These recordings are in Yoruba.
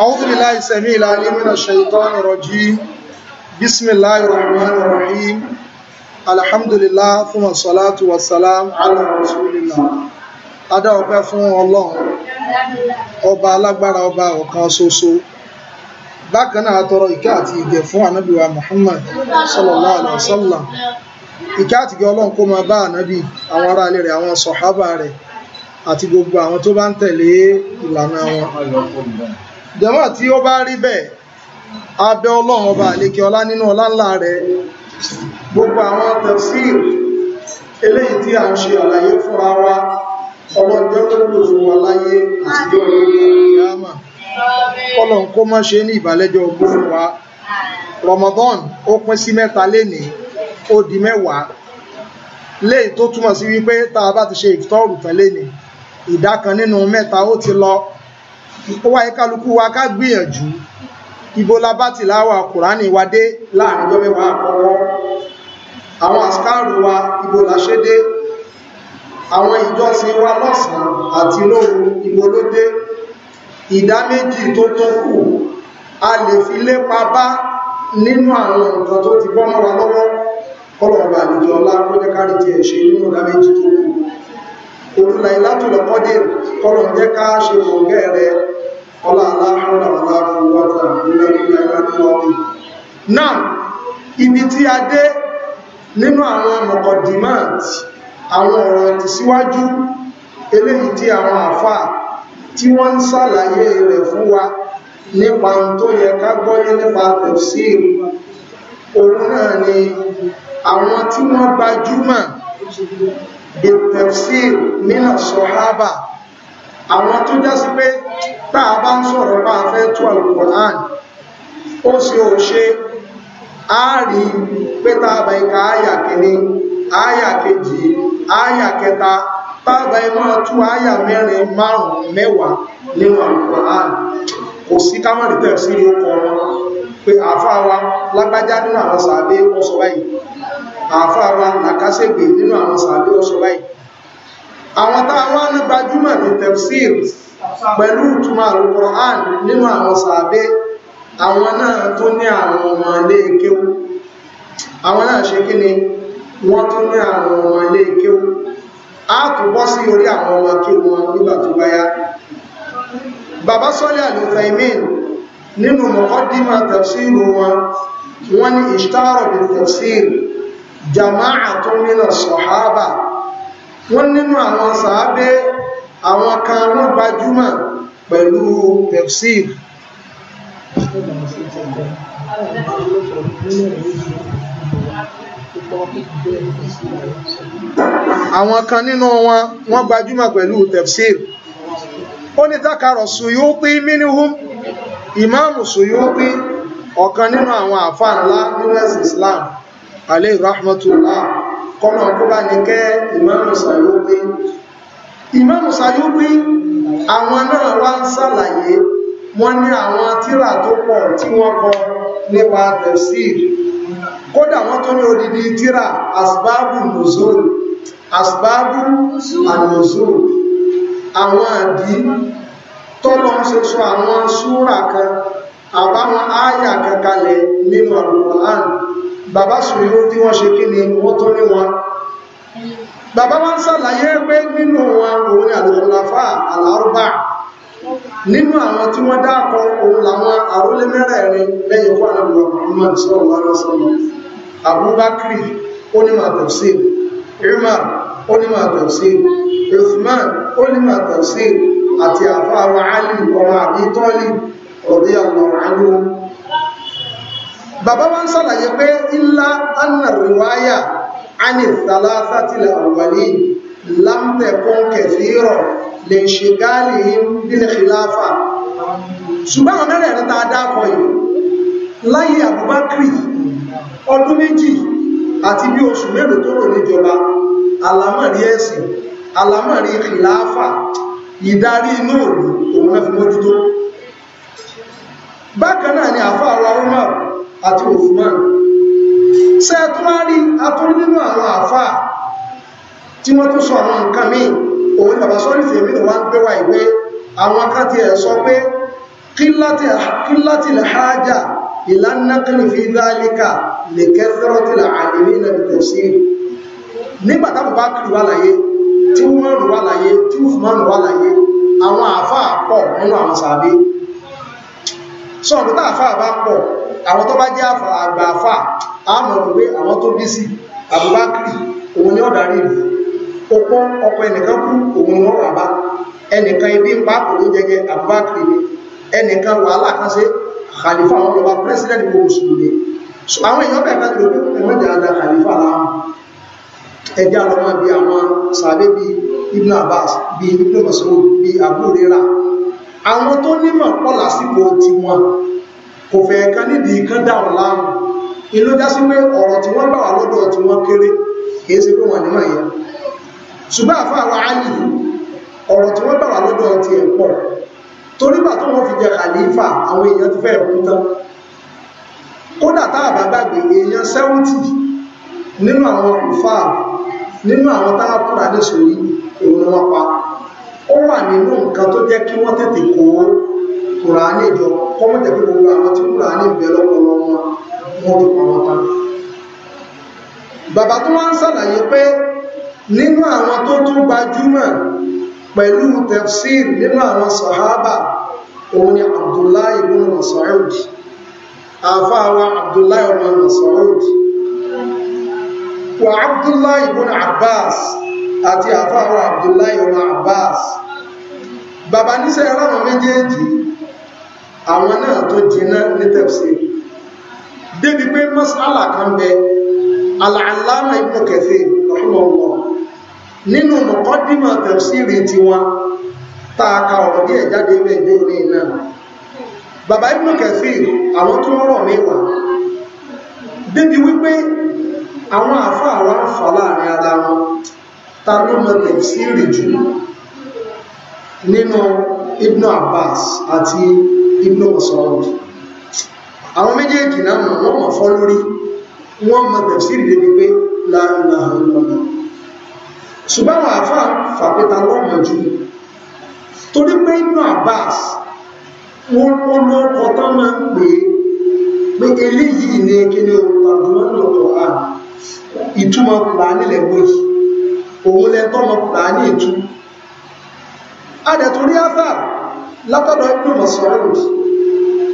أعوذ بالله السميع العليم من الشيطان الرجيم بسم الله الرحمن الرحيم الحمد لله ثم الصلاة والسلام على رسول الله adá ọpẹ́ fún Ọlọ́run ọba alágbára ọba ọ̀kan ṣoṣo bákan náà tọrọ ìkẹ́ àti ìgẹ̀ fún ànábìwa Muhammad sallallahu alaihi wasallam ìkẹ́ àti ìgẹ̀ Ọlọ́run kó máa bá ànábì àwọn ará ilé rẹ̀ àwọn sọ̀hábà rẹ̀ àti gbogbo àwọn tó bá ń tẹ̀lé ìlànà wọn jàmá tí ó bá rí bẹ́ẹ̀ abẹ́ ọlọ́run ọba àlékè ọlá nínú ọlá ńlá rẹ̀ gbogbo àwọn tafsir eléyìí tí a ń ṣe àlàyé fúnra wa ọlọ́jọ́ tó lò fún wa láyé àtijọ́ ìlú ìyáàmà ọlọ́run kó má ṣe ní ìbàlẹ́jọ́ ogbó fún wa Ramadan ó pín sí mẹ́ta lénìí ó di mẹ́wàá léyìí tó túmọ̀ sí wípé tá a bá ti ṣe ìfitọ́rù tán lénìí ìdá kan nínú mẹ́ta ó ti lọ ó wáyé kálukú wa ká gbìyànjú ibo la bá ti láwà kùránì wa dé láàrin ọjọ́ mẹ́wàá àkọ́kọ́ àwọn àsìkáàrù wa ibo la ṣe dé àwọn ìjọsìn wa lọ́sàn-án àti lóru ibo ló dé ìdá méjì tó tó kù a lè fi lépa bá nínú àwọn nǹkan tó ti bọ́ mọ́ wa lọ́wọ́ kọ́lọ̀ ọba àlejò ọlá kó jẹ́ ẹ̀ ṣe nínú ìdá méjì tó kù òrùlà ìlàtúlọ̀ kọ́dé kọlọ̀ jẹ́ ká ṣe òǹgẹ́ rẹ ọlá aláhùn àwọn aláfọwọ́ta ìlàtúlọ̀ ìlàtúlọ̀ ọ̀dì náà ibi tí a dé nínú àwọn mọ̀kọ̀dìmáàtì àwọn ọ̀rọ̀ ti síwájú eléyìí tí àwọn àfáà tí wọ́n ń sàlàyé rẹ̀ fún wa nípa tó yẹ ká gbọ́yé nípa tẹ̀síìrì òun náà ni àwọn tí wọ́n bitafsir mina sọ̀hábà àwọn tó jásí pé tá a bá ń sọ̀rọ̀ bá a fẹ́ tú alukur'an ó ṣe ò ṣe á rí pé tá a bá ìka àyà kìíní àyà kejì àyà kẹta tá a bá ìmọ̀ tú àyà mẹ́rin márùn-ún mẹ́wàá nínú alukur'an kò sí ká mọ̀ ní tafsir yóò àáfàá wa nínú àwọn sàbí ọ̀sọ̀ báyìí àwọn tá a wá ní gbajúmọ̀ ní tefsir pẹ̀lú ìtumọ̀ alukoran nínú àwọn sàbẹ́ àwọn náà tó ní àwọn ọmọ ilé àwọn náà ṣe kí ni wọ́n tó ní àwọn ọmọ a tó bọ́ sí orí àwọn ọmọ kéwú wọn nígbà tó bá yá bàbá sọ́lẹ̀ àlùfẹ́mìn nínú mọ̀kọ́dímọ̀ tefsir wọn tefsir jama'a tó nínà sọ̀hábà wọ́n nínú àwọn sàábé àwọn kan wọ́n gbajúmọ̀ pẹ̀lú tefsir àwọn kan nínú wọn wọ́n gbajúmọ̀ pẹ̀lú tefsir ó ní tákàrọ̀ Suyuti minhum ìmáàmù Suyuti ọ̀kan nínú àwọn àfáà ńlá nínú Islam alẹ́ rahmatullah kọ́nà ọkọ́bá ní kẹ́ ìmáàmù Sàyúbí ìmáàmù Sàyúbí àwọn náà wá ń sàlàyé wọ́n ní àwọn tírà tó pọ̀ tí wọ́n kọ nípa tafsir kódà wọ́n tó ní odidi tírà asbábù nùzúl asbábù ànùzúl àwọn àbí tọ́lọ́ àbáwọn áyà kankalẹ̀ nínú Al-Qur'an bàbá sùúrù tí wọ́n ṣe kí ni wọ́n tó ní wọn bàbá wọn ṣàlàyé pé nínú wọn òun ni àlòkùnláfà àlárúbà nínú àwọn tí wọ́n dákọ òun làwọn àrólé mẹ́rẹ̀ẹ̀rin lẹ́yìn wọn àlọ́gbọ̀ Muhammad sallallahu alaihi wasallam Abubakar onímọ̀ tafsir Umar onímọ̀ tafsir Uthman onímọ̀ tafsir àti ọmọ àbí tọ́lì radiyallahu bàbá wa ń sàlàyé pé illa anna riwaya ani thalathatil awwalin lam takun kathira lè ṣe gáàlì bil khilafa ṣùgbọ́n àwọn mẹ́rẹ̀ẹ̀rin tá a dákọ̀ yìí láyé Abubakri ọdún méjì àti bí oṣù mélòó tó rò níjọba àlámọ̀rí ẹ̀sìn àlámọ̀rí khilafa ìdarí inú òòlù òun náà fi mójútó bákan náà ni àfáà wa Umar àti Usman ṣe àtúnwárí atúrí nínú àwọn àfáà tí wọ́n tún sọ àwọn nǹkan míì òun bàbá sọ́rí fèmí ló wá ń gbé wa ìwé àwọn kan ti ẹ̀ sọ pé kílátìlẹ̀ hájà ìlànàkìlì fi dhalika lè kẹ́sẹ́rọ́tìlẹ̀ àlèmí náà lè tẹ̀sí nígbà táwọn bá kiri wà láyé tí wọ́n rù wà láyé tí Usman rù wà láyé àwọn àfáà pọ̀ nínú àwọn sàbí sọ̀rọ̀ tá àfáà bá pọ̀ àwọn tó bá jẹ́ àgbà àfà àmọ̀ pé àwọn tó bí sí Abubakar òun ni ọ̀dà rí ìlú opó ọkọ̀ ẹnìkan kú òun wọn wà bá ẹnìkan ibi ń pàápọ̀ ló jẹjẹ Abubakar ni ẹnìkan wàhálà kan ṣe Khalifa àwọn ọlọ́ba president gbogbo mùsùlùmí so àwọn èèyàn bẹ̀rẹ̀ láti lórí ẹ̀mọ́ ìjàdá Khalifa láwọn ẹjá lọ́mọ bí àwọn sàbẹ́ bí Ibn Abbas bí Abu Hurairah àwọn tó nímọ̀ pọ̀ lásìkò kò fẹ́ kan nídìí kan dáhùn láàmú ìlú já sí pé ọ̀rọ̀ tí wọ́n gbà wá lọ́dọ̀ tí wọ́n kéré kìí ṣe pé wọ́n ní màá yẹ ṣùgbọ́n àfa àwọn àlì ọ̀rọ̀ tí wọ́n gbà wá lọ́dọ̀ ti ẹ̀ pọ̀ torí gbà tó wọ́n fi jẹ kàlífà àwọn èèyàn ti fẹ́ẹ̀ kú tán kódà táà bá gbàgbé èèyàn 70 nínú àwọn ìfà nínú àwọn táàkùnrin àdéṣòrí òun wọn pa ó wà nínú nǹkan tó jẹ́ kí wọ́n tètè kó kùránì jọ kọ́mọ̀jẹ̀ pé gbogbo àwọn tí kùránì ń bẹ lọ́pọ̀lọ́ wọn wọ́n ti pa wọn tán bàbá tó wá ń sàlàyé pé nínú àwọn tó tún gbajúmọ̀ pẹ̀lú tafsir nínú àwọn sàhábà òun ni abdullahi ibn masoud àfáàwà abdullahi ibn masoud wà abdullahi ibn abbas àti àfáàwà abdullahi ibn abbas bàbá níṣẹ́ ráwọn méjèèjì àwọn náà tó jiná ní tafsir débi pé masala kan bẹ al-allama ibn kathir rahimahullah nínú muqaddima tafsiri tiwọn tààkà ọ̀rọ̀ bí ẹ̀jáde mẹ́jọ ní iná bàbá ibn kathir àwọn tó rọ̀ mẹ́wàá débi wípé àwọn àfáà wa ń fà láàrin ara wọn ta ló mọ tafsiri jù nínú Ibn Abbas àti Ibn Mas'ud àwọn méjèèjì náà wọ́n mọ̀ fọ́ lórí wọ́n mọ̀ tẹ̀síìrì débi pé láàrin àwọn ọmọ ṣùgbọ́n àfà fàpẹta lọ́mọ jù torí pé Ibn Abbas wọ́n wọ́n lọ ọkọ̀ tán máa ń pè é pé eléyìí ní kíní ohun tàbí lọ́dọ̀ à ìtumọ̀ kùránì lẹ́gbẹ̀ẹ́ òun lẹ́tọ́ mọ̀ kùránì ìtumọ̀ adẹ̀tún rí áfà látọ̀dọ̀ Ibn Mas'ud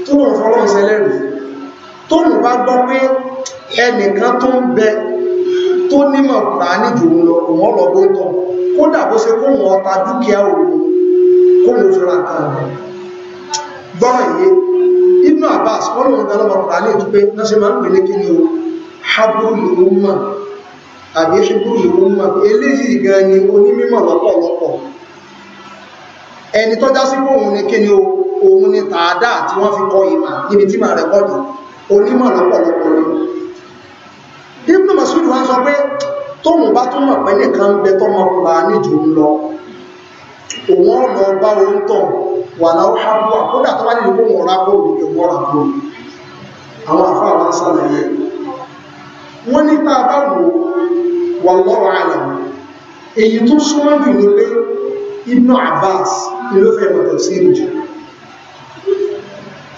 tó mọ̀ fọ́lọ́n sẹlẹ̀rì tó mọ̀ bá gbọ́ pé ẹnìkan tó ń bẹ tó nímọ̀ Kùránì jù lọ òun lọ́gbọ́ tán kódà bó ṣe kó wọn ọta dúkìá òun kó lè fi ra kan gbọ́rọ̀ yìí Ibn Abbas wọ́n lòun gan lọ́mọ Kùránì tó pé náà ṣe máa ń pè ní kí ni o habulu umma àbí ṣubú ìlú umma eléyìí gan ni onímọ̀ lọ́pọ̀lọpọ̀ ẹni tó já sí pé òun ni kíni o òun ni tààdá tí wọ́n fi kọ ìmọ̀ níbi tí màá rẹ̀ pọ̀ jù onímọ̀ lọ́pọ̀lọpọ̀ ni Ibn Mas'ud wá sọ pé tóun bá tún mọ̀ pé nìkan ń bẹ tọmọkùnrin àníjù ń lọ òun ọ̀nà ọba oúntọ̀ wà láwọ́ àbúwà kódà tó bá nílò kó wọn ra bóòlù ìwọ́n ra bóòlù àwọn àfáà wá sàlàyé wọ́n ní tá a bá wò wà lọ́rọ̀ àyà èyí tó súnmọ́ jù ní pé Abbas ni ló fẹ́ mọ̀tọ̀ sí ìrìjù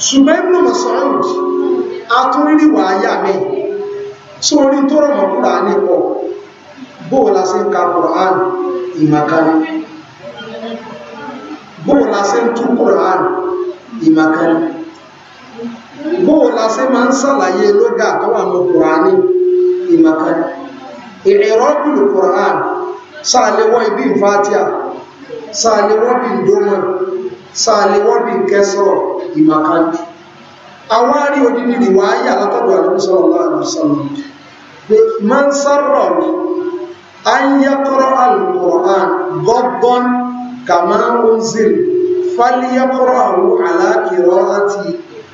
ṣùgbọ́n ibùdó mọ̀sánrùd atúrírí wà áyà mi sórí tó rọ̀ mọ̀kúrà nípò bóò la ṣe ń ka Qur'an ìmàkánú bóò la ṣe ń tú Qur'an ìmàkánú bóò la ṣe máa ń ṣàlàyé lóga tó wà ní Qur'an ìmàkánú ìrìnrọ́bùlù Qur'an sáà lè wọ́n ibi ìfátíà sáà lè wọ́bì ndómọ̀ sáà lè wọ́bì kẹsọ̀rọ̀ ìmàkánjú àwọn arí odidi rìwá ayé àlátọ́dọ̀ àdúgbòsọ̀rọ̀ láàrín sọ́nà pé máa ń sọ̀rọ̀ anyakọrọ alukọ̀án gọ́gbọ́n kàmá ń zìn fáliyakọrọ àwọn aláàkìrọ̀ àti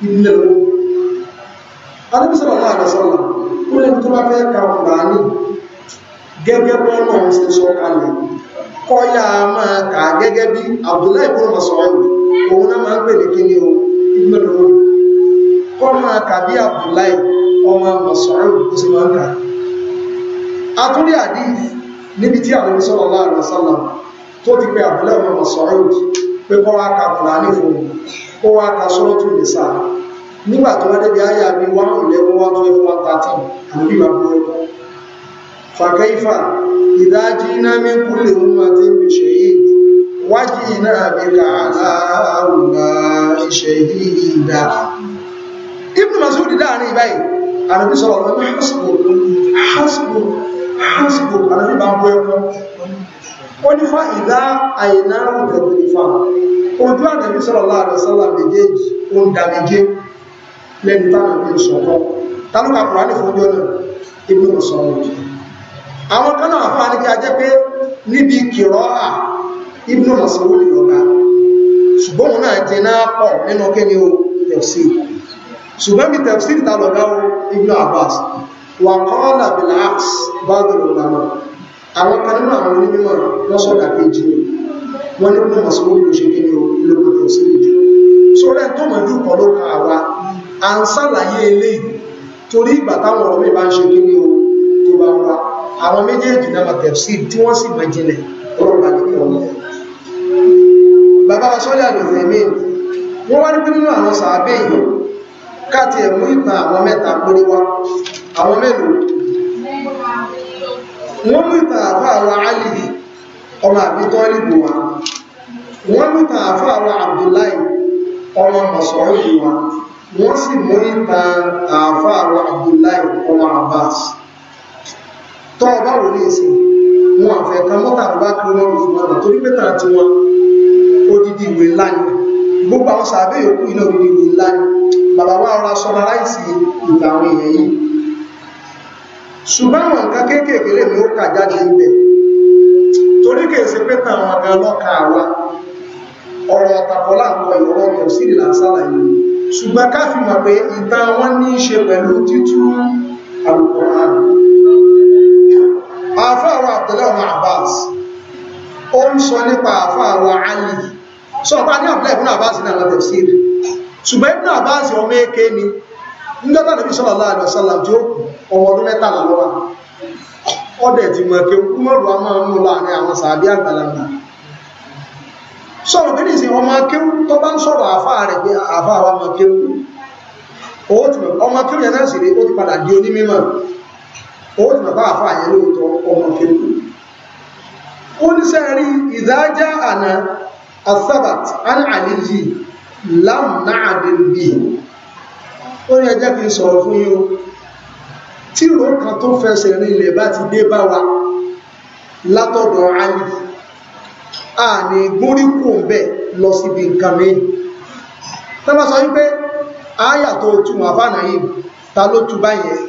ilẹ̀ o àdúgbòsọ̀rọ̀ láàrín sọ́nà ó lè tó bá gẹ́gẹ́ bọ́ọ̀nà ọ̀sẹ̀ kọ́yà máa kà gẹ́gẹ́ bí Abdullahi ibn Mas'ud òun náà máa ń pè ní o ibùdó lórí kọ́ máa kà bí Abdullahi ọmọ Mas'ud ó sì máa ń kà atúndí àdíf níbi tí àwọn sallallahu alaihi wasallam tó ti pé Abdullahi ọmọ Mas'ud pé kọ́ wá ka Kùránì fún kó wá ka nígbà tó wá débi ayé 111 فكيف إذا جئنا من كل أمة بشهيد وجئنا بك على هؤلاء شهيدا ابن مسعود دعني باي أنا بيسأل الله حسبه حسبه حسبه أنا بقول wọ́n ní fa ìdá àìná ìtẹ̀bìrì fa ojú àdàbí sọ́lọ̀lá àdàsọ́lá méjèèjì ó ń da méjé lẹ́nu tánà bí sọ̀kọ́ tánúkà kùránì fún ọjọ́ náà ibi ọ̀sán àwọn kan náà fà níbi ajẹ́ pé níbi kìrọ́ à Ibn Mas'ud lọ́gbà ṣùgbọ́n wọn náà jẹ náà pọ̀ nínú kíni o tafsir ṣùgbọ́n bí tafsir ta lọ́gbà o Ibn Abbas wà kọ́ọ̀lá bilax báàgì lọ́gbà náà àwọn kan nínú àwọn onímọ̀ lọ́sọ̀dà kejì wọn ní Ibn Mas'ud ló ṣe kíni ní àwọn méjèèjì náà ma tẹ̀sí tí wọ́n sì mọ̀ jinlẹ̀ ọ̀rọ̀ bá nínú ọmọ bàbá sọ́lẹ̀ àdùnfẹ́ mi wọ́n wá nípé nínú àwọn sàábẹ́ yìí káàtì ẹ̀mú ìtàn àwọn mẹ́ta péré wá àwọn mélòó wọ́n mú ìtàn àfọ́ àwọn alìyí ọmọ àbítọ́ wa wọ́n wa wọ́n sì mú tọ́ ọba wò ní ìsìn wọn àfẹ́ kan mọ́ta àbúbá kí fún wọn odidi ìwé ńlá ni gbogbo àwọn sàbẹ̀ yòókù iná odidi ìwé ńlá ni bàbá wa ọ̀rọ̀ aṣọ aláìsí ìgbà àwọn èèyàn yìí ṣùgbọ́n àwọn nǹkan kéékèèké lè mú kà jáde torí ṣe ọlọ́ka ọ̀rọ̀ ọ̀tàkọ́ sí ìlà ṣùgbọ́n ká fi mọ̀ àfáàwọ̀ àtọ́lẹ́wọ̀n Abbas ó ń sọ nípa àfáàwọ̀ Ali sọ bá ní àbúlẹ̀ ìbúnà Abbas ní àwọn tafsir ṣùgbọ́n ìbúnà Abbas ọmọ èké ni nígbàtà nàbí sallallahu alaihi wasallam tí ó ọmọ ọdún mẹ́tàlá lọ́wọ́ ọdẹ ti mọ̀ kí kúmọ̀rù a máa ń mú láàrin àwọn sàbí àgbàlagbà sọ̀rọ̀ bí nìsín ọmọ akéwú tó bá ń sọ̀rọ̀ àfáà rẹ̀ pé àfáà wa mọ̀ kéwú owó tìmọ̀ ọmọ akéwú yẹn náà ó ti bàbá àfà yẹn lóòótọ́ ọmọ fẹ́kù ó ní sẹ́rí ìdájá àná asabat an àlejì lam náà bèbè ó ní ẹjẹ́ kí n sọ̀rọ̀ fún yín o tí ìró kan tó fẹsẹ̀ rin ilẹ̀ bá ti dé bá wa látọ̀dọ̀ alif a ní gúnríkù ń lọ síbi nǹkan mi tọ́lá sọ wípé áyà tó tún wà yìí ta ló tu báyẹn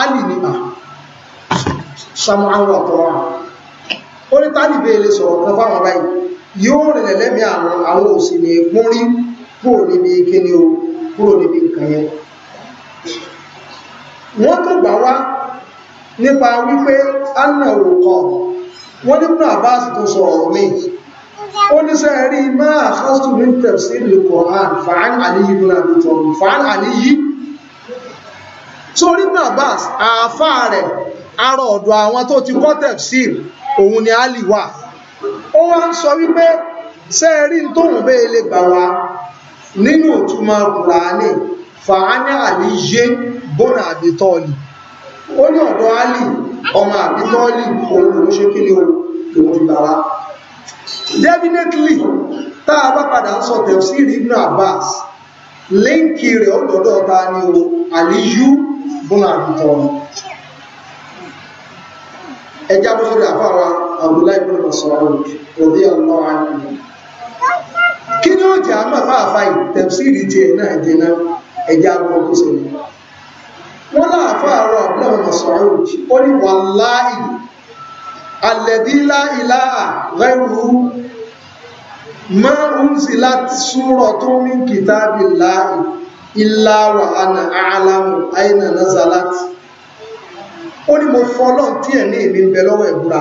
alì ni à ah, samuel ọ̀tọ̀rọ̀ ó ní tálíbé lè sọ̀rọ̀ kan fáwọn báyìí yóò rìnlẹ̀ lẹ́mí àwọn àwọn òsì ní ẹ̀kún rí kúrò níbi kíní o kúrò níbi nǹkan yẹn wọ́n tó gbà wá nípa wípé anna òkọ̀ wọ́n ní Ibn Abbas tó sọ̀rọ̀ mí ó ní sẹ́ rí máa kọ́sù ní tafsir al-Qur'an fa'an aliyu náà ló tọrọ fa'an sórí Ibn Abbas àáfàá rẹ̀ arọ ọdụ àwọn tó ti kọ́ tẹ̀fsíìrì òun ni Ali wà ó wá ń sọ wípé ṣé ẹ rí tóun bẹ́ẹ̀ lè gbà wá nínú ìtumọ̀ Kùránì fàánì àlì yé bọ́nà àbí ó ní ọ̀dọ̀ Ali ọmọ àbí tọ́ọ̀lì òun ló ṣe kí ni òun ti gbà wá definitely tá a bá padà sọ tẹ̀fsíìrì Ibn Abbas líǹkì rẹ̀ ta ni o àlìyú bọ́nà ẹjá bó sórí àfáwà Abdullahi ibn Mas'ud radiyallahu anhu kí ni ó jẹ́ àmà máa fa tafsiri tiẹ̀ náà jẹ́ náà ẹjá bó kó sórí wọ́n láàfáàrọ̀ Abdullahi ibn Mas'ud ó ní wallahi alladhi la ilaha ghayruhu ma unzilat suratun min kitabillahi illa wa ana a'lamu ayna nazalat ó ní mo fọ ọlọ́run tí ẹ̀mí mi ń bẹ lọ́wọ́ ìbúra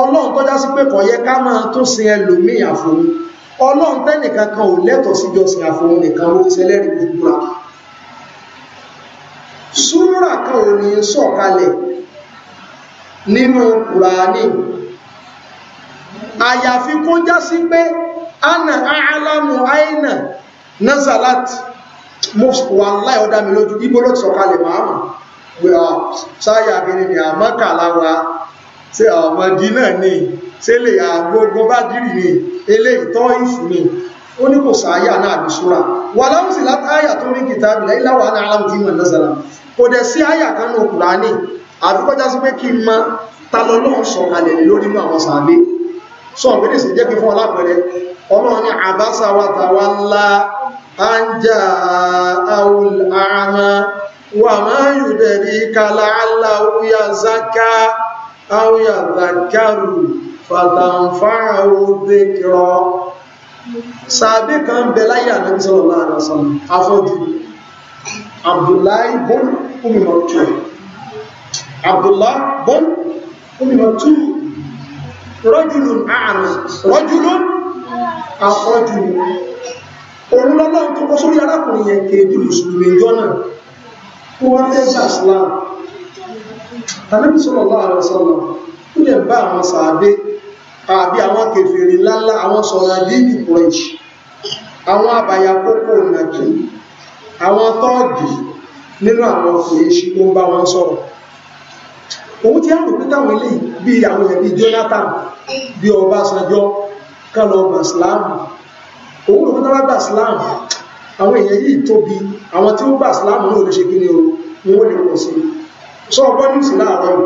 ọlọ́run tọ́já sí pé kọ̀yẹ ká máa tún sin ẹlòmíì àfòun ọlọ́run tẹ́nìkan kan ò lẹ́tọ̀ọ́ síjọsìn àfòun nìkan ó ti ṣẹlẹ́rìí ìbúra súrà kan ò ní sọ̀kalẹ̀ nínú kùránì àyàfi kó já sí pé ana alamu aina nazalat mo wà láì ọdá mi lójú ibo ló ti sọ̀kalẹ̀ màá ṣáyà uh, kiri ni àmọ́ kàláwa ṣe uh, ọmọdé náà ni ṣe lè àgbógun uh, bá dìrì ni eléyìí tọ́ ìfù ni ó ní kò sáyà náà bí súra wà láwọn sì láti àyà tó ní kìtà bìlẹ̀ ìláwà náà aláwọ̀ tí wọ́n lọ́sàrà kò dẹ̀ sí àyà kan ní Kùránì àfikọ́já sí pé kí n mọ ta lọ lọ́hùn sọ kalẹ̀ lórí mú àwọn sàbẹ́ sọ ọ̀gbẹ́ni sì jẹ́ kí fún ọlápẹ̀rẹ ọlọ́run ní àbáṣà ńlá á ń jà wà máa yùdẹ̀rí kàlà aláwúyà zaka áwúyà zakaru fàtàǹfààwò dékìrọ sàbí kan bẹ láyé ànábì sallallahu alaihi wasallam afọ́jú abdullahi bọ́n umimọ̀tú abdullahi bọ́n umimọ̀tú rọ́jùlùn ààrùn rọ́jùlùn afọ́jú òun lọ́lọ́ tó kọ́ sórí arákùnrin yẹn kéèdè mùsùlùmí náà ó wá fẹ́ ṣàṣìlá tàbí sallallahu alaihi wasallam ó lè bá àwọn sàábé àbí àwọn kèfèrè lálá àwọn sọ̀rọ̀ àdínì Quraysh àwọn àbàyàkókò nàkí àwọn tọ́ọ̀gì nínú àwọn fèéṣì tó ń bá wọn sọ̀rọ̀ òun ti àwọn òpítà wọn lè bí àwọn èèyàn bíi Jonathan bí Ọbásanjọ́ kálọ ọmọ ìsìláàmù òun òpítà wọn gbà ìsìláàmù àwọn èèyàn yìí tóbi àwọn tí ó gbà ìsìláàmù náà lè ṣe kí ni o owó lè pọ̀ sí sọ ọgbọ́n ní sí láàárọ̀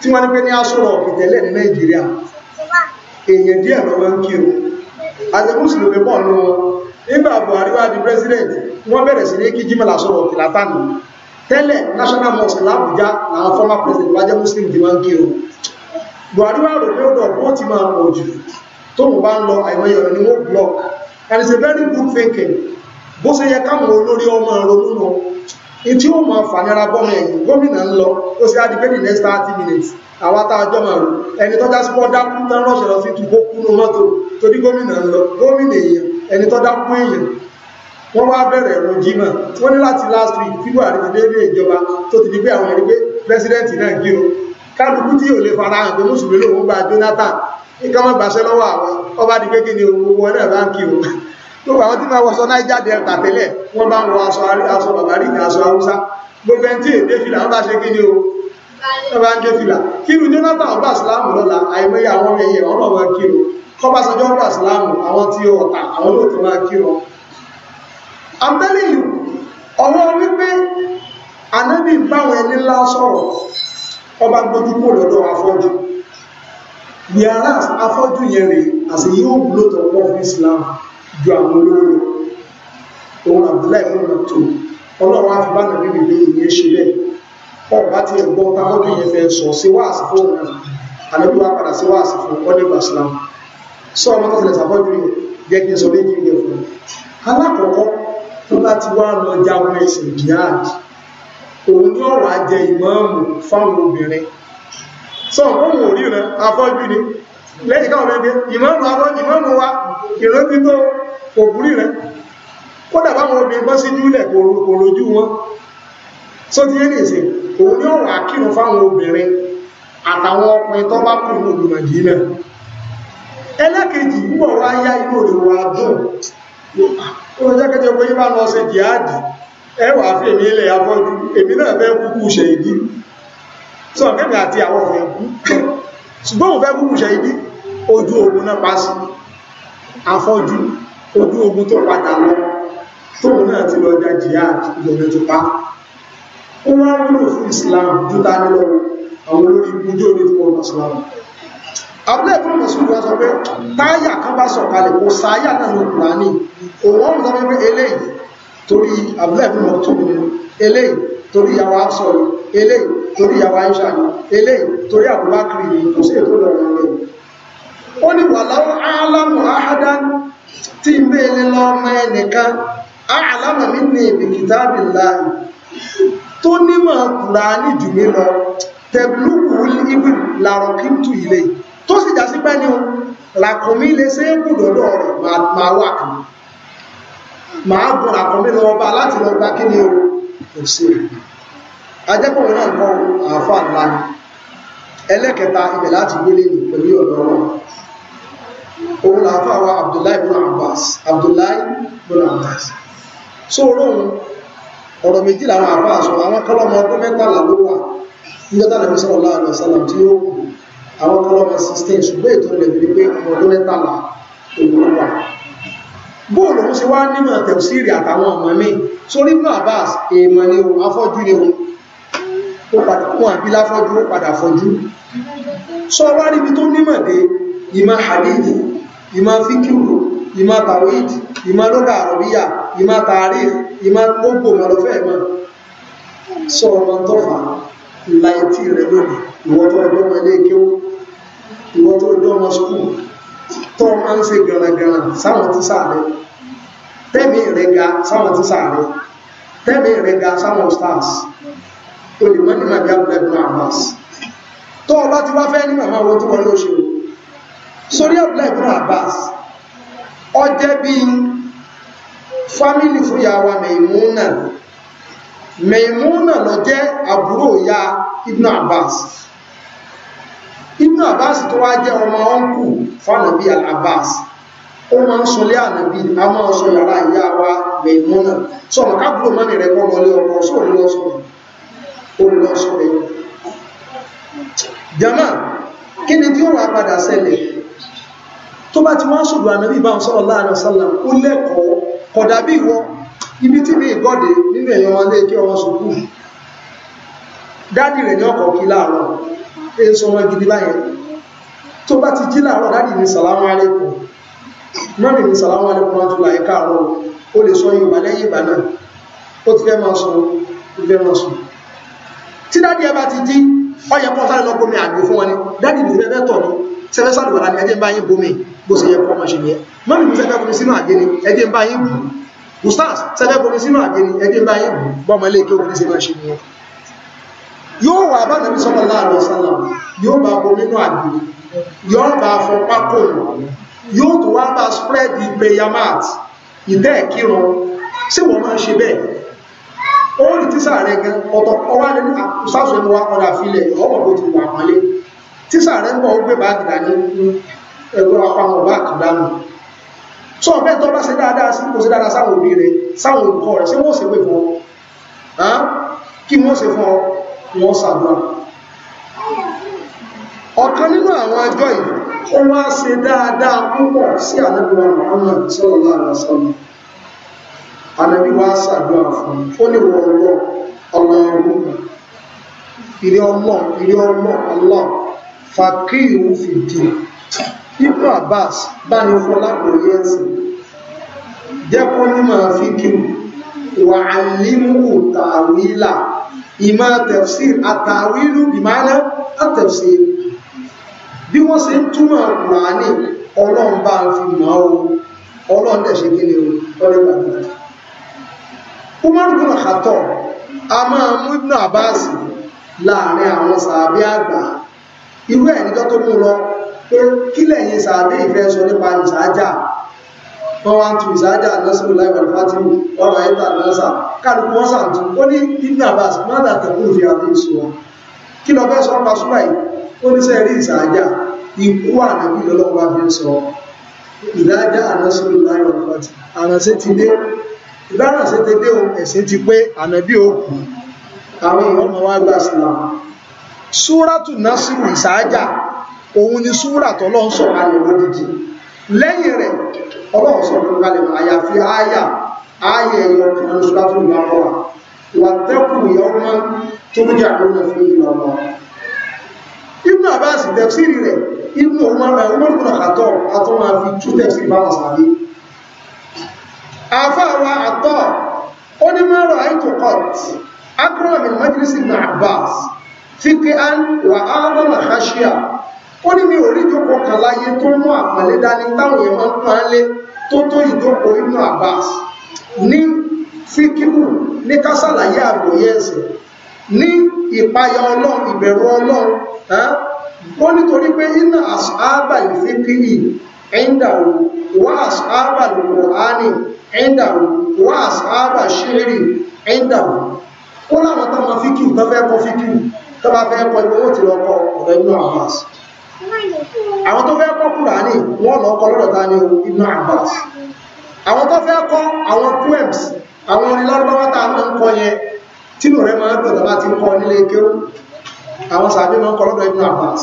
tí wọ́n ní pé ní asọ́rọ̀ ìtẹ́lẹ̀ ní nàìjíríà èèyàn díẹ̀ lọ wọ́n kí o àti mùsùlùmí pọ̀ nù wọn nígbà buhari wá di president wọ́n bẹ̀rẹ̀ sí ní kí jimela sọ̀rọ̀ kìlátánù tẹ́lẹ̀ national mosque làbújá làwọn former president wájẹ́ muslim di wọ́n kí o buhari wá rò pé ó dọ̀ wọ́n ti máa pọ̀ jù tóun bá ń lọ àìmọye ọ̀rọ̀ ni wọ́n block and it's a very good thinking bó ṣe yẹ káwọn olórí ọmọ ronú náà tí ó mọ̀ fànira bọ́mọ ẹ̀yìn gómìnà ń lọ ó sì adìgbé ní next thirty minutes àwa tá a jọ mọ̀ rò ẹni tọ́já sí pọ́ dákú tán rọ̀ṣẹ̀ lọ sí tukó kúnú mọ́tò torí gómìnà ń lọ gómìnà èèyàn ẹni tọ́já kú èèyàn wọ́n wá bẹ̀rẹ̀ ẹ̀rọ jímọ̀ wọ́n ní láti last week fígbà àdìgbé dé ìjọba tó ti di pé àwọn ẹ̀rí pé pẹ́sidẹ́ǹtì náà gé o kálukú tí ò lè fara hàn pé mùsùlùmí lòun gba Jonathan nǹkan mọ́ gbàṣẹ́ lọ́wọ́ àwọn ọba di pé kí ni owó wọn náà bá tó gbà wọn tí máa wọṣọ Niger Delta tẹ́lẹ̀ wọ́n bá ń wọ aṣọ aṣọ bàbárí ní aṣọ Haúsá gbogbo ẹni èdè fìlà wọ́n bá ṣe kí ni o wọ́n bá ń gé fìlà kí ni Jonathan ọba ìsìláàmù lọ́la àìmọye àwọn ẹyẹ ọ̀nà ọba kírun kọ́básanjọ́ ọba ìsìláàmù àwọn tí ó ọ̀tà àwọn olóòtú máa kírun. I'm telling you ọwọ́ wípé anábì ń báwọn ẹni ńlá sọ̀rọ̀ ọba gbójú kó lọ́dọ̀ afọ́jú yàrá afọ́jú yẹn rèé àṣeyí ó wúlò tó pọ̀ fún ìsìláàmù ju àwọn olówó lọ òun àbúlá ìmọ̀ràn tó ọlọ́run á fi bá nàbí bèbè ìyẹn ṣe bẹ́ẹ̀ ọba ti ẹ̀gbọ́n táwọn èèyàn fẹ́ sọ sí wáàsí fún òun náà àlọ́bí wa padà sí wáàsí fún ọdẹ́gbà islam sọ ọmọ tó ṣẹlẹ̀ sàfọ́jú rẹ̀ jẹ́ kí n sọ méjì rẹ̀ fún alákọ̀ọ́kọ́ tó bá ti wá lọ ja àwọn ẹ̀sìn jihad òun ní ọ̀rọ̀ ajẹ ìmáàmù fáwọn obìnrin sọ ọ̀pọ̀ wọn ò rí ìran afọ́jú ni lẹ́yìn káwọn ẹgbẹ́ ìmáàmù wa ìrántí tó kò burú rẹ̀ kódà báwọn obìnrin bọ́ sí júlẹ̀ kò lójú wọn só ti yé nìsín òun ni ọ̀rọ̀ àkírun fáwọn obìnrin àtàwọn ọkùnrin tó bá kù ní olùmọ̀jì náà ẹlẹ́kejì ń bọ̀ wá yá inú rẹ̀ wà dùn ó jẹ́ kẹ́jẹ́ pé yíba lọ sí jihadi ẹwà fi èmi ilẹ̀ afọ́jú èmi náà fẹ́ kúkú ṣe ìdí sọ kẹ́mì àti àwọn fẹ́ kú ṣùgbọ́n òun fẹ́ kúkú ṣe ìdí ojú ogun náà pàṣẹ afọ́jú ojú ogun tó padà lọ tóun náà ti lọ ja jihad ìgbọ̀nà tó pa ó wá wúlò fún Islam ju ta ní lọ àwọn olórí ojú orí tó wọ́n Islam abúlé ìfún mọ̀sùlùmí wọ́n sọ pé táyà kan bá sọ̀kalẹ̀ kò sáyà náà ló kùrá ní òun ọ̀rùn sọ pé eléyìí torí abúlé ìfún mọ̀tòmí eléyìí torí ìyàwó asọ̀rọ̀ eléyìí torí ìyàwó aisha ni eléyìí torí àbúbákiri ni kò sí ètò ìlọrin rẹ̀ ó ní wà láwọn alámù áhádán tí ìgbé ilé lọ ọmọ ẹnìkan àlàmà mi ní ìbìkítà bìláì tó nímọ̀ kùránì jù mí lọ tẹ̀blúkù ibi làrọ̀kí tù ilé tó sì jásí pẹ́ ni làkùnmí lè ṣe é kù lọ́dọ̀ rẹ̀ máa wà kàn máa gùn làkùnmí lọ ọba láti lọ gbá kí ni o kò sí ajẹ́kọ̀ọ́ náà kọ́ àáfàá ńlá ẹlẹ́kẹta ibẹ̀ láti gbélé pẹ̀lú ọ̀dọ́ wọn òun là ń fà wá Abdullahi bin Abbas Abdullahi bin Abbas so olóhùn ọ̀rọ̀ méjì làwọn àbá àṣọ àwọn kọlọ́mọ ọdún mẹ́tàlá ló wà níjọ́tà nàbí sallallahu alaihi wasallam tí ó wù àwọn kọlọ́mọ 16 ṣùgbọ́n ètò rẹ̀ ní pé ọmọ ọdún mẹ́tàlá òun ló wà bóòlù ó ṣe wá nímọ̀ tẹ̀síìrì àtàwọn ọmọ mi sórí Ibn Abbas èèmọ̀ ni o afọ́jú ni o ó padà kún àbí láfọ́jú ó padà fọ́jú sọ wá níbi tó nímọ̀ dé ìmọ̀ hadith ìmọ̀ fíkìrù ìmọ̀ tawhid ìmọ̀ lóga àrọ̀bíyà ìmọ̀ tààrí ìmọ̀ gbogbo mọ̀lọ́fẹ́ mọ̀ sọ ọmọ tọ́fà láìtì rẹ̀ lónìí ìwọ́n tó ọjọ́ ọmọ ilé kéwú ìwọ́n tó ọjọ́ ọmọ skul tọ́ máa ń ṣe gànàgànà sáwọn tí sàárẹ̀ tẹ́mi rẹ̀ ga sáwọn tí sàárẹ̀ tẹ́mi rẹ̀ ga sáwọn stars olùmọ́ni màbí abúlé ibùdó àbáṣ tọ́ ọ bá ti wá fẹ́ ní màmá owó tó wọn ló sórí Abdullahi ibn Abbas ó jẹ́ bí fámìlì fún yàwá Maimuna Maimuna ló jẹ́ àbúrò ya ibn Abbas ibn Abbas tó wá jẹ́ ọmọ ọ́nkù fánàbí al-Abbas ó máa ń sọlé ànàbí a máa sọ yàrá ìyá wa Maimuna sọ ọmọ kábùrò mọ́ni rẹ̀ kọ́ lọlé ọkọ̀ sọ olùlọ́sọ̀rẹ̀ jama kí ni tí ó wà padà ṣẹlẹ̀ tó bá ti wá sọ̀dọ̀ ànábì bá ń sọ̀rọ̀ láàrin ọ̀sánlá ó lẹ́kọ̀ọ́ kódà bí wọ ibi tí mi ìgọ́dẹ nínú èèyàn wọn lé kí ọmọ sùkúù dádì rẹ̀ ní ọkọ̀ kí láàárọ̀ èyí sọ wọn gidi báyẹn tó bá ti jí láàárọ̀ dádì ní sàlámù alẹ́kùn mọ́mì ní sàlámù alẹ́kùn wọn tó láyé káàárọ̀ ó lè sọ yorùbá lẹ́yìn ìgbà náà ó ti fẹ́ máa sọ ó ti fẹ́ máa sọ tí dádì ẹ bá ọyẹ pọ́ sáré lọ bomi àgbò fún wọn ni dáàdì mi fẹ́ tọ̀ ni sẹ́fẹ́ sàlùwàlà ni ẹjẹ́ ń bá yín bomi bó ṣe yẹ kọ́ ọmọ ṣe nìyẹn mọ́mí mi sẹ́fẹ́ bomi sínú àgbé ni ẹjẹ́ ń bá yín bù ustaz sẹ́fẹ́ bomi sínú àgbé ni ẹjẹ́ ń bá yín bù bọ́mọ ilé ìkéwò ní ṣe máa ṣe nìyẹn yóò wà bá nàbí sọ́mọ láàrin sálà yóò bá bomi nù àgbé yóò bá fọ pákó yóò tó wá bá spread the prayer ìdẹ́ẹ̀kírun ṣé wọ́n máa ṣe bẹ́ẹ̀ ó rí tíṣà rẹ̀ gan ọ̀tọ̀ ọwá nínú àkùsáṣọ ẹnu wa ọ̀dà filẹ̀ ọmọ kò ti wà mọ́lé tíṣà rẹ̀ ń bọ̀ ó gbé báàgì dání ẹ̀rọ apamọ̀ bá kan dánù tó ọ̀bẹ́ tó bá ṣe dáadáa sí kò ṣe dáadáa sáwọn òbí rẹ̀ sáwọn olùkọ́ rẹ̀ ṣé wọ́n ṣe pé fún ọ kí wọ́n ṣe fún ọ wọ́n ṣàdúrà ọ̀kan nínú àwọn ajọ́ yìí ó wá ṣe dáadáa púpọ̀ sí àdébùwà Muhammad sallallahu alaihi wasallam anabi wa ṣàdúrà fún ó ní wọ ọlọ ọlọ́run ìrẹ ọlọ ìrẹ ọlọ ọlọ fàkíyù fìdí ibn abbas bá ní fọlá kò yẹ ẹsìn jẹkọ ní màá fi kíw wà á nímú tàwílà ìmọ̀ tafsir àtàwílù ìmọ̀lá àtafsir bí wọ́n ṣe ń túmọ̀ kùránì ọlọ́run bá fi mọ́ ọ ọlọ́run dẹ̀ kí ni ọlọ́run bá fi mọ́ ọ. Umar bin Khattab a máa mú Ibn Abbas láàrin àwọn sàábí àgbà irú ẹ̀ níjọ́ tó mú lọ pé kí lẹ́yìn sàábí ìfẹ́ sọ nípa ìsájà wọ́n wá ń tu ìsájà lọ́sùn láìpẹ̀lú fátìmù ọ̀rọ̀ ẹ̀ta lọ́sà kálukú wọ́n sàtú ó ní Ibn Abbas mọ́dà tẹ̀kùn fi àbí ìṣòwò kí lọ fẹ́ sọ ọ́n pasúmà yìí ó ní sẹ́ẹ̀rí ìsájà ikú ànábì lọ́lọ́wọ́ bá fi sọ ìdájà ànásùn láìpẹ̀lú fátìmù ànásẹ́ ti dé ìbárànṣẹ́ ti dé ẹ̀sìn ti pé ànàbí òkú àwọn èèyàn ma wá gbà sílá súrátù násìrù ìsáájà òun ni súrà tọ́lọ́n sọ kalẹ̀ lódìdí lẹ́yìn rẹ̀ ọlọ́run sọ fún kalẹ̀ àyàfi àyà ààyè ẹ̀yọ kan súrátù ìbárànwà wà tẹ́kù ìyọ́mọ́ tó ń jà lónà fún ìlọ àfáàwà àtọ́ atọ onye akọ́rọ̀mì májírísì ibn abbas na kí a ń wà áàrọ̀mà haṣíà ó ní mi ò rí ìjókòó kan láyé tó mú àpọ̀lé dání táwọn èèyàn máa ń pọ́n lé tó tó ìjókòó ibn abbas ní fíkíwù ní kásàlàyé àgbòyé ẹ̀sìn ní ìpayà عنده وأصحاب القرآن عنده وأصحاب الشعر عنده ó láwọn tó máa fíkìú tó fẹ́ kọ́ fíkìú tó bá fẹ́ kọ́ ìgbówó ti lọ́kọ́ ọ̀rọ̀ Ibn Abbas àwọn tó fẹ́ kọ́ Kùránì wọ́n lọ kọ́ lọ́dọ̀ ta ni Ibn Abbas àwọn tó fẹ́ kọ́ àwọn poems àwọn onílọ́dọ́wọ́ tá a máa ń kọ́ yẹn tínú rẹ̀ máa ń dùn tọ́lá ti ń kọ́ nílé kéwú àwọn sàbí máa ń kọ́ lọ́dọ̀ Ibn Abbas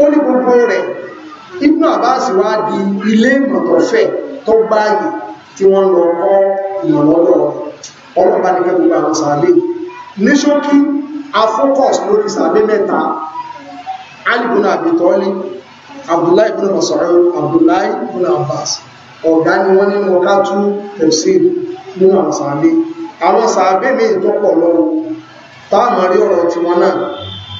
ó ní gbogbo rẹ̀ Ibnu Abbas wá di ilé ìmọ̀tọ̀fẹ́ tó gbáyé tí wọ́n lọ kọ́ ìrànlọ́wọ́ ọlọ́pàá ní kẹ́kọ̀ọ́ gbogbo àwọn sàábé ní ṣókí a focus lórí sàábé mẹ́ta Ali ibn Abi Talib Abdullahi ibn Mas'ud Abdullahi ibn Abbas ọ̀gá ni wọ́n nínú ọká tú tafsir nínú àwọn sàábé àwọn sàábé mi ìtọ́pọ̀ lọ́wọ́ táàmù rí ọ̀rọ̀ tiwọn náà